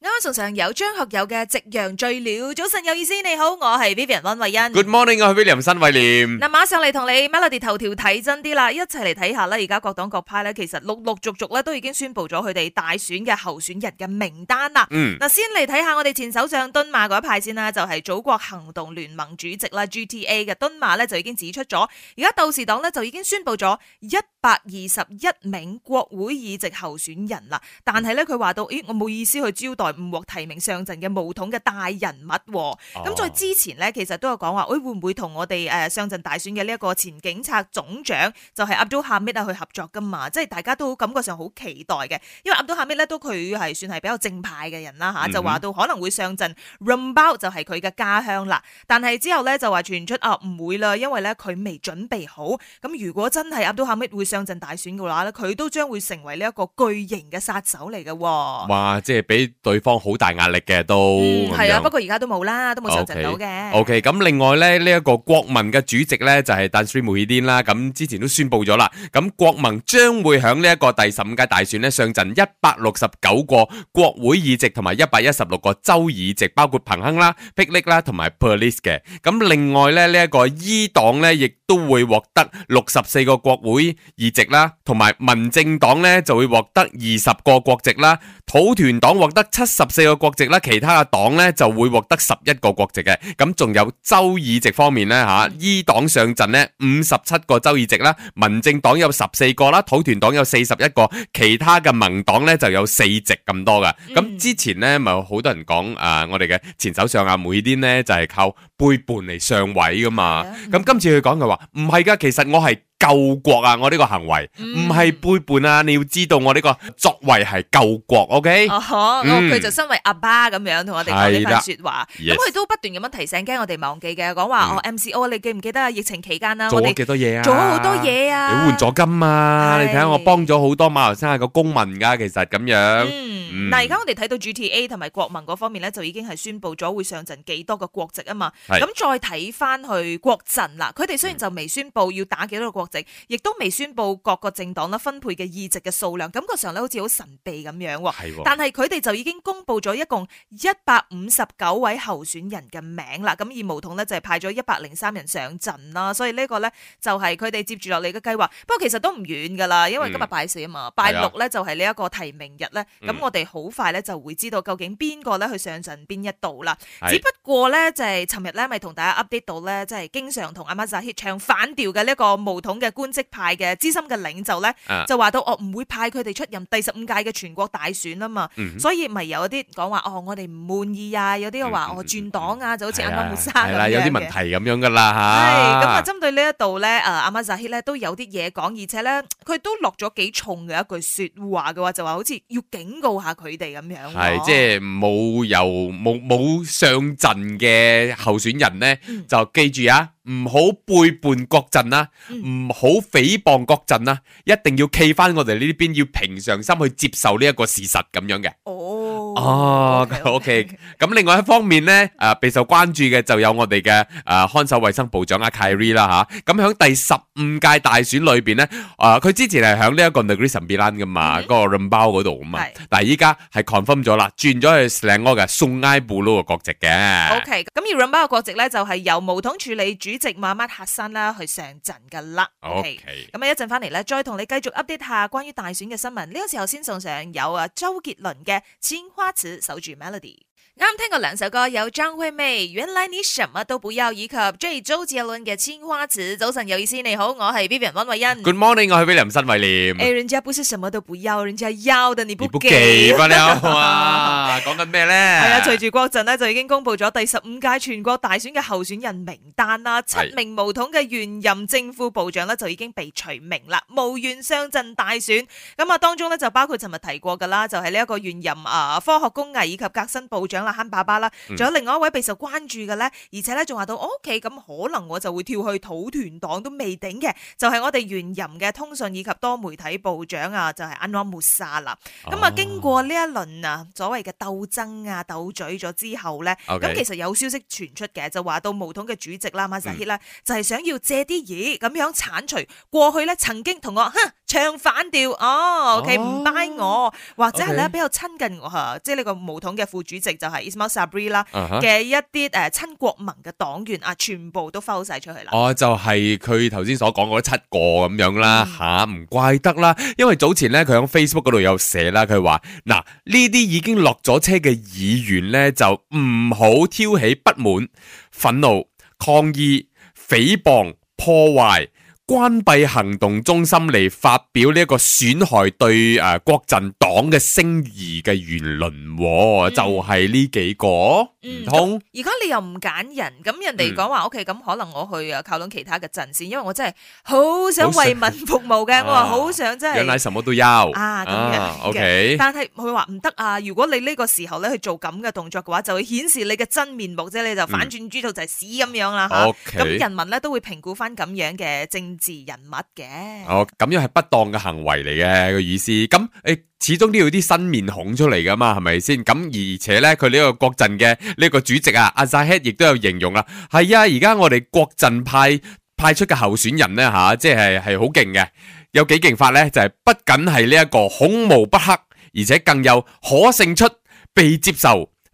啱啱送上由張學友嘅《夕陽醉了》。早晨有意思，你好，我係 Vivian 溫慧欣。Good morning，我係 William 新慧廉。嗱，馬上嚟同你 Melody 頭條睇真啲啦，一齊嚟睇下啦。而家各黨各派咧，其實陸陸續續咧都已經宣布咗佢哋大選嘅候選人嘅名單啦。嗯、mm.，嗱，先嚟睇下我哋前首相敦馬嗰一派先啦，就係、是、祖國行動聯盟主席啦 GTA 嘅敦馬咧，就已經指出咗，而家鬥士黨咧就已經宣布咗一。百二十一名國會議席候選人啦，但係咧佢話到，咦，我冇意思去招待唔獲提名上陣嘅巫統嘅大人物，哦。咁、哦、在之前咧，其實都有講話，誒，會唔會同我哋誒上陣大選嘅呢一個前警察總長，就係阿 Abdul Hamid 啊，去合作噶嘛？即係大家都感覺上好期待嘅，因為阿 Abdul Hamid 咧都佢係算係比較正派嘅人啦吓，嗯、哼就話到可能會上陣 Rembau 就係佢嘅家鄉啦。但係之後咧就話傳出，哦、啊，唔會啦，因為咧佢未準備好。咁如果真係阿 Abdul Hamid 會。上陣大選嘅話咧，佢都將會成為呢一個巨型嘅殺手嚟嘅。哇，即係俾對方好大壓力嘅都。係啊，不過而家都冇啦，都冇上陣到嘅。OK，咁另外咧呢一個國民嘅主席咧就係 Tan Sri Muhyiddin 啦。咁之前都宣布咗啦。咁國民將會響呢一個第十五屆大選咧上陣一百六十九個國會議席同埋一百一十六個州議席，包括彭亨啦、霹靂啦同埋 Perlis 嘅。咁另外咧呢一個伊黨咧亦都會獲得六十四個國會議席啦，同埋民政黨咧就會獲得二十個國席啦，土團黨獲得七十四個國席啦，其他嘅黨咧就會獲得十一個國席嘅。咁仲有州議席方面咧吓，伊、啊、黨上陣咧五十七個州議席啦，民政黨有十四個啦，土團黨有四十一個，其他嘅盟黨咧就有四席咁多噶。咁、嗯、之前咧咪好多人講啊、呃，我哋嘅前首相下、啊、每啲咧就係、是、靠背叛嚟上位噶嘛。咁、嗯、今次佢講佢話唔係噶，其實我係。救國啊！我呢個行為唔係背叛啊！你要知道我呢個作為係救國，OK？哦，佢就身為阿爸咁樣同我哋講呢番說話，咁佢都不斷咁樣提醒驚我哋忘記嘅，講話哦，MCO 你記唔記得疫情期間啦？做咗幾多嘢啊？做咗好多嘢啊！你換咗金啊？你睇下我幫咗好多馬來西亞嘅公民噶，其實咁樣。嗯，但係，而家我哋睇到 GTA 同埋國民嗰方面咧，就已經係宣布咗會上陣幾多個國籍啊嘛。咁再睇翻去國陣啦，佢哋雖然就未宣布要打幾多個國。亦都未宣布各個政黨咧，分配嘅議席嘅數量，感覺上咧好似好神秘咁樣。係、哦，但係佢哋就已經公布咗一共一百五十九位候選人嘅名啦。咁而毛統咧就係、是、派咗一百零三人上陣啦。所以個呢個咧就係佢哋接住落嚟嘅計劃。不過其實都唔遠噶啦，因為今日拜四啊嘛，嗯、拜六咧就係呢一個提名日咧。咁、嗯、我哋好快咧就會知道究竟邊個咧去上陣邊一度啦。只不過咧就係尋日咧咪同大家 update 到咧，即係經常同阿馬薩 hit 唱反調嘅呢一個毛統。嘅官職派嘅資深嘅領袖咧，啊、就話到哦，我唔會派佢哋出任第十五屆嘅全國大選啊嘛，嗯、哼所以咪有一啲講話哦，我哋唔滿意啊，有啲話、嗯、哼哦，轉黨啊，就好似啱啱發生咁，有啲問題咁樣噶啦吓。咁啊，針對呢一度咧，阿馬扎希咧都有啲嘢講，而且咧佢都落咗幾重嘅一句說話嘅話，就話好似要警告下佢哋咁樣。係，即係冇由冇冇上陣嘅候選人咧，就記住啊。嗯唔好背叛國陣啦，唔好誹謗國陣啦，一定要企翻我哋呢邊，要平常心去接受呢一個事實咁樣嘅。哦，OK，咁另外一方面咧，誒，備受關注嘅就有我哋嘅誒看守衞生部長阿 Khairy 啦嚇，咁喺第十五屆大選裏邊咧，誒，佢之前係喺呢一個 Negeri Sembilan 嘅嘛，嗰個 Rembau 嗰度啊嘛，但係依家係 confirm 咗啦，轉咗去 Selangor 嘅宋埃布魯嘅國籍嘅。OK，咁而 Rembau 嘅國籍咧就係由巫統署理主席 Mohamad Hasan 啦去上陣嘅啦。OK，咁啊一陣翻嚟咧再同你繼續 update 下關於大選嘅新聞。呢個時候先送上有啊周杰倫嘅千花瓷守住 melody，啱啱聽過兩首歌，有張惠妹《原來你什麼都不要》，以及最周杰倫嘅《青花瓷》。早晨有意思，你好，我係 Vivian 溫慧欣。Good morning，我係 William 梁新偉廉。誒、哎，人家不是什麼都不要，人家要的你不給翻你啊！ 講緊咩咧？係啊，隨住國陣呢，就已經公布咗第十五屆全國大選嘅候選人名單啦。七名無統嘅現任政府部長呢，就已經被除名啦。是無緣上陣大選咁啊，當中呢，就包括尋日提過嘅啦，就係呢一個現任啊科學工藝以及革新部長啦、嗯，慳爸爸啦，仲有另外一位備受關注嘅咧，而且咧仲話到 OK，咁可能我就會跳去土團黨都未頂嘅，就係、是、我哋現任嘅通訊以及多媒體部長啊，就係 Anwar Musa 啦。咁啊，經過呢一輪啊，所謂嘅鬥爭啊，鬥嘴咗之後呢，咁 Okay. 其實有消息傳出嘅，就話到毛統嘅主席啦，馬薩希啦，就係想要借啲嘢咁樣鏟除過去呢，曾經同我哼。唱反調哦、oh,，OK，唔 buy、oh, 我，Okay. 或者係咧比較親近我嚇，即係呢個毛統嘅副主席就係 Ismael Sabri 啦嘅一啲誒親國民嘅黨員啊，uh huh. 全部都拋晒出去啦。哦，oh, 就係佢頭先所講嗰七個咁樣啦吓，唔、mm. 啊、怪得啦，因為早前咧佢喺 Facebook 嗰度有寫啦，佢話嗱呢啲已經落咗車嘅議員咧，就唔好挑起不滿、憤怒、抗議、誹謗、破壞。關閉行動中心嚟發表呢一個損害對誒、呃、國陣黨嘅聲譽嘅言論、哦，嗯、就係呢幾個。唔通？而家、嗯、你又唔揀人，咁人哋講話 OK，咁可能我去啊，靠攏其他嘅陣線，因為我真係好想為民服務嘅，我話好想真係。奶什麼都有啊，咁樣、啊、k、okay，但係佢話唔得啊，如果你呢個時候咧去做咁嘅動作嘅話，就會顯示你嘅真面目啫，你就反轉豬肚就係屎咁樣啦、啊。咁、嗯 okay，人民咧都會評估翻咁樣嘅政治人物嘅。哦，咁樣係不當嘅行為嚟嘅個意思。咁誒。欸始終都要啲新面孔出嚟噶嘛，係咪先？咁而且咧，佢呢個國陣嘅呢個主席啊，阿扎希亦都有形容啦，係啊，而家我哋國陣派派出嘅候選人咧，吓、啊，即係係好勁嘅，有幾勁法咧？就係、是、不僅係呢一個攻無不克，而且更有可勝出、被接受。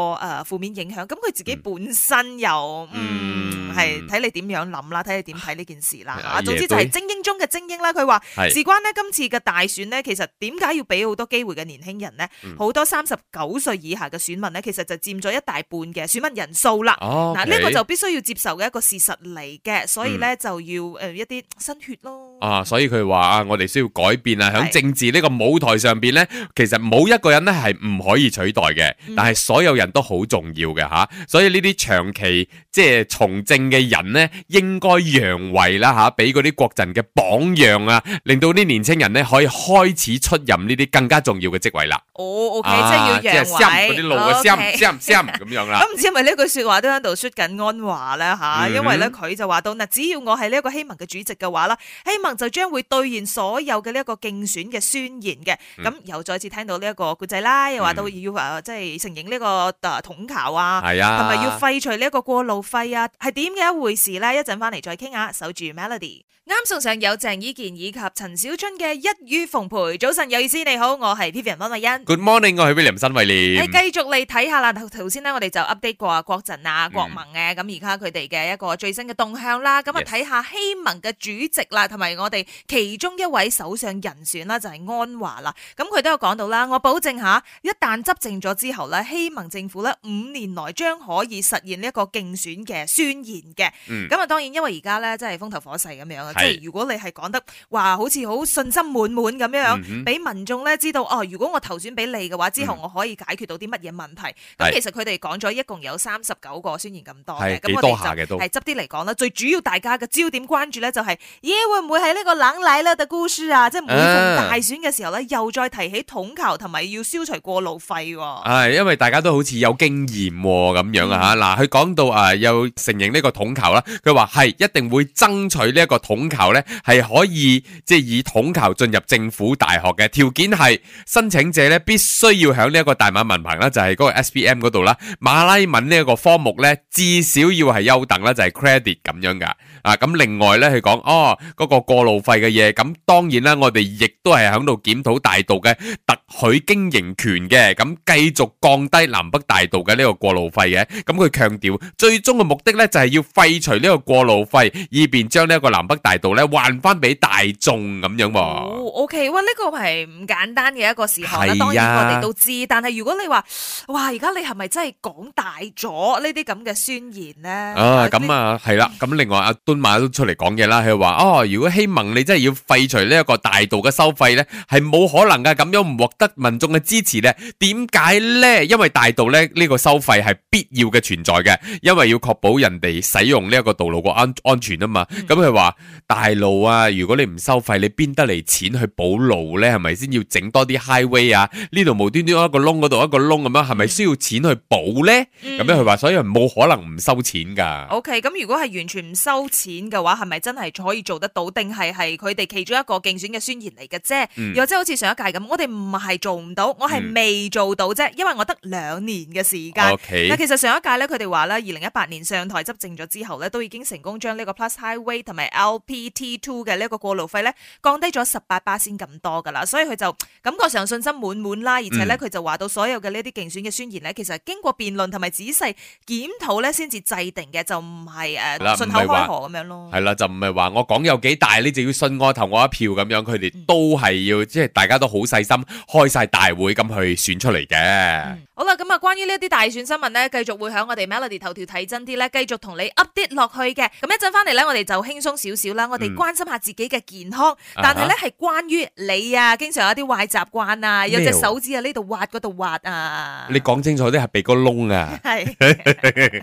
個誒負面影響，咁佢自己本身又嗯，係睇你點樣諗啦，睇你點睇呢件事啦。總之就係精英中嘅精英啦。佢話事關呢今次嘅大選呢，其實點解要俾好多機會嘅年輕人呢？好多三十九歲以下嘅選民呢，其實就佔咗一大半嘅選民人數啦。嗱，呢個就必須要接受嘅一個事實嚟嘅，所以呢就要誒一啲新血咯。啊，所以佢話啊，我哋需要改變啊，喺政治呢個舞台上邊呢，其實冇一個人呢係唔可以取代嘅，但係所有人。都好重要嘅吓，所以呢啲長期。即係從政嘅人咧，應該揚為啦吓，俾嗰啲國陣嘅榜樣啊，令到啲年青人咧，可以開始出任呢啲更加重要嘅職位啦。哦、oh,，OK，、啊、即係要揚為，啲路嘅，唔唔唔咁樣啦。咁唔知係咪呢句說話都喺度說緊安華啦吓？啊嗯、哼因為咧，佢就話到嗱，只要我係呢一個希盟嘅主席嘅話啦，希盟就將會兌現所有嘅呢一個競選嘅宣言嘅。咁、嗯、又再次聽到呢一個故仔啦，又話到要誒，即係承認呢個誒統考啊，係啊，係咪要廢除呢一個過路。費啊，係點嘅一回事咧？一陣翻嚟再傾下，守住 Melody。啱送上有鄭伊健以及陳小春嘅一於奉陪。早晨有意思，你好，我係 Peter 溫慧欣。Good morning，我係 William 新偉廉。係繼續嚟睇下啦，頭先呢我哋就 update 過啊國陣啊國盟嘅，咁而家佢哋嘅一個最新嘅動向啦，咁啊睇下希盟嘅主席啦，同埋我哋其中一位首相人選啦，就係、是、安華啦。咁佢都有講到啦，我保證吓，一旦執政咗之後咧，希盟政府咧五年內將可以實現呢一個競選嘅宣言嘅。咁啊，當然因為而家呢，真係風頭火勢咁樣即係如果你係講得話，好似好信心滿滿咁樣樣，俾民眾咧知道哦。如果我投選俾你嘅話，之後我可以解決到啲乜嘢問題？咁其實佢哋講咗一共有三十九個宣言咁多嘅，咁我哋就係執啲嚟講啦。最主要大家嘅焦點關注咧就係，咦會唔會係呢個冷奶啦，故事啊？即係每逢大選嘅時候咧，又再提起統考同埋要消除過路費。係因為大家都好似有經驗咁樣啊吓。嗱，佢講到啊，又承認呢個統考啦，佢話係一定會爭取呢一個統考。求咧係可以即係、就是、以統求進入政府大學嘅條件係申請者咧必須要響呢一個大馬文憑啦就係、是、嗰個 SPM 嗰度啦馬拉文呢一個科目咧至少要係優等啦就係、是、credit 咁樣噶。啊，咁另外咧，佢講哦，嗰、這個過路費嘅嘢，咁當然啦，我哋亦都係喺度檢討大道嘅特許經營權嘅，咁繼續降低南北大道嘅呢個過路費嘅，咁佢強調最終嘅目的咧就係要廢除呢個過路費，以便將呢一個南北大道咧還翻俾大眾咁樣。哦，OK，哇，呢個係唔簡單嘅一個時候。啦，當然我哋都知，但係如果你話，哇，而家你係咪真係講大咗呢啲咁嘅宣言咧？啊，咁這些 啊，係啦，咁另外阿。都出嚟講嘢啦，佢話哦，如果希望你真係要廢除呢一個大道嘅收費呢，係冇可能噶，咁樣唔獲得民眾嘅支持呢。點解呢？因為大道咧呢個收費係必要嘅存在嘅，因為要確保人哋使用呢一個道路個安安全啊嘛。咁佢話大路啊，如果你唔收費，你邊得嚟錢去補路呢？係咪先要整多啲 highway 啊？呢度無端端一個窿，嗰度一個窿咁樣，係咪需要錢去補呢？嗯，咁樣佢話，所以冇可能唔收錢噶。OK，咁如果係完全唔收。錢嘅話係咪真係可以做得到？定係係佢哋其中一個競選嘅宣言嚟嘅啫，又即係好似上一屆咁，我哋唔係做唔到，我係、嗯、未做到啫，因為我得兩年嘅時間。嗱，Okay. 其實上一屆咧，佢哋話咧，二零一八年上台執政咗之後咧，都已經成功將呢個 Plus Highway 同埋 LPT Two 嘅呢一個過路費咧降低咗十八巴仙咁多噶啦，所以佢就感覺上信心滿滿啦，而且咧佢、嗯、就話到所有嘅呢啲競選嘅宣言咧，其實經過辯論同埋仔細檢討咧，先至制定嘅，就唔係誒信口開河。嗯係啦，就唔係話我講有幾大，你就要信我投我一票咁樣。佢哋都係要，嗯、即係大家都好細心、嗯、開晒大會咁去選出嚟嘅。嗯、好啦，咁啊，關於呢一啲大選新聞咧，繼續會喺我哋 Melody 頭條睇真啲咧，繼續同你 update 落去嘅。咁一陣翻嚟咧，我哋就輕鬆少少啦。我哋關心下自己嘅健康，嗯、但係咧係關於你啊，經常有啲壞習慣啊，麼有隻手指啊呢度挖嗰度挖啊。你講清楚啲係鼻哥窿啊。係。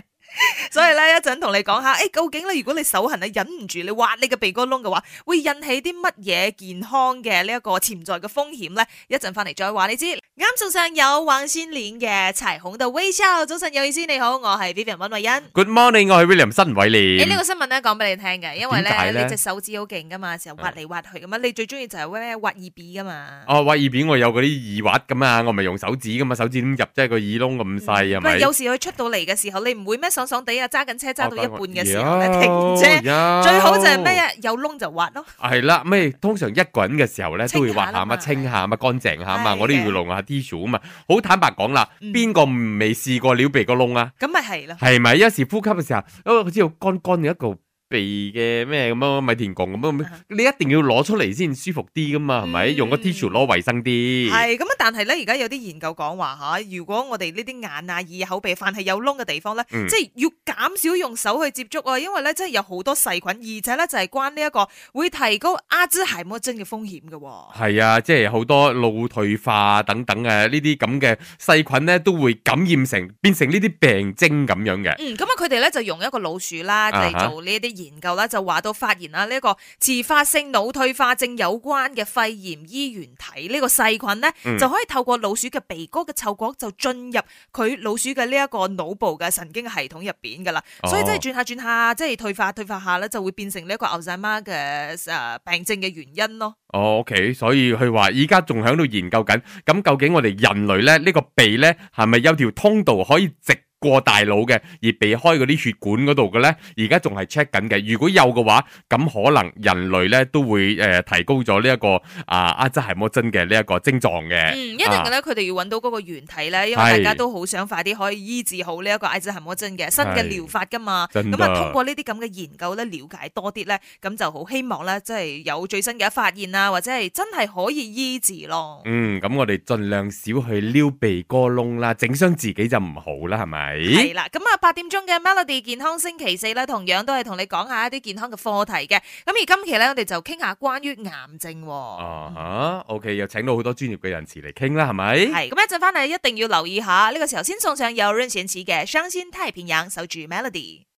所以咧，一陣同你講下，誒，究竟咧，如果你手痕啊，忍唔住，你挖你個鼻哥窿嘅話，會引起啲乜嘢健康嘅呢一個潛在嘅風險咧？一陣翻嚟再話你知。啱送上有黃先蓮嘅彩虹道微笑，早晨有意思，你好，我係 Vivian 溫慧欣。Good morning，我係 William 新偉利。誒，呢個新聞咧講俾你聽嘅，因為咧你隻手指好勁噶嘛，成日挖嚟挖去咁啊，你最中意就係咩？挖耳鼻噶嘛？哦，挖耳鼻我有嗰啲耳挖咁啊，我咪用手指噶嘛，手指咁入即係個耳窿咁細係咪？有時佢出到嚟嘅時候，你唔會咩手。爽地啊！揸緊車揸到一半嘅時候咧，停車最好就係咩？有窿就挖咯。係啦，咩？通常一個人嘅時候咧，都會挖下啊清下啊乾淨下啊嘛！我都要弄下啲水啊嘛。好坦白講啦，邊個未試過撩鼻哥窿啊？咁咪係咯。係咪一時呼吸嘅時候？因為，佢知道乾乾嘅一個。鼻嘅咩咁咯，米田共咁咯，你一定要攞出嚟先舒服啲噶嘛，係咪？用個 Tissue 攞衛生啲。係咁啊，但係咧，而家有啲研究講話吓，如果我哋呢啲眼啊、耳、口、鼻，凡係有窿嘅地方咧，即係要減少用手去接觸啊，因為咧真係有好多細菌，而且咧就係關呢一個會提高阿茲海默症嘅風險噶。係啊，即係好多腦退化等等誒，呢啲咁嘅細菌咧都會感染成變成呢啲病徵咁樣嘅。嗯，咁啊，佢哋咧就用一個老鼠啦，即係做呢啲。研究啦，就話到發現啦，呢個自發性腦退化症有關嘅肺炎衣原體呢個細菌咧，就可以透過老鼠嘅鼻哥嘅嗅覺就進入佢老鼠嘅呢一個腦部嘅神經系統入邊噶啦，所以即係轉下轉下，即係退化退化下咧，就會變成呢一個牛仔媽嘅誒病症嘅原因咯。哦，OK，所以佢話依家仲響度研究緊，咁究竟我哋人類咧，呢個鼻咧係咪有條通道可以直？過大腦嘅而避開嗰啲血管嗰度嘅咧，而家仲係 check 緊嘅。如果有嘅話，咁可能人類咧都會誒提高咗呢一個啊阿茲海默症嘅呢一個症狀嘅。嗯，一定嘅咧，佢哋要揾到嗰個原體咧，因為大家都好想快啲可以醫治好呢一個阿茲海默症嘅新嘅療法噶嘛。咁啊，通過呢啲咁嘅研究咧，了解多啲咧，咁就好希望咧，即係有最新嘅發現啊，或者係真係可以醫治咯。嗯，咁我哋盡量少去撩鼻哥窿啦，整傷自己就唔好啦，係咪？係啦，咁啊八點鐘嘅 Melody 健康星期四咧，同樣都係同你講下一啲健康嘅課題嘅。咁而今期咧，我哋就傾下關於癌症。哦吓，OK，又請到好多專業嘅人士嚟傾啦，係咪？係，咁一陣翻嚟一定要留意下呢個時候先送上有潤唇似嘅雙仙太平樣，守住 Melody。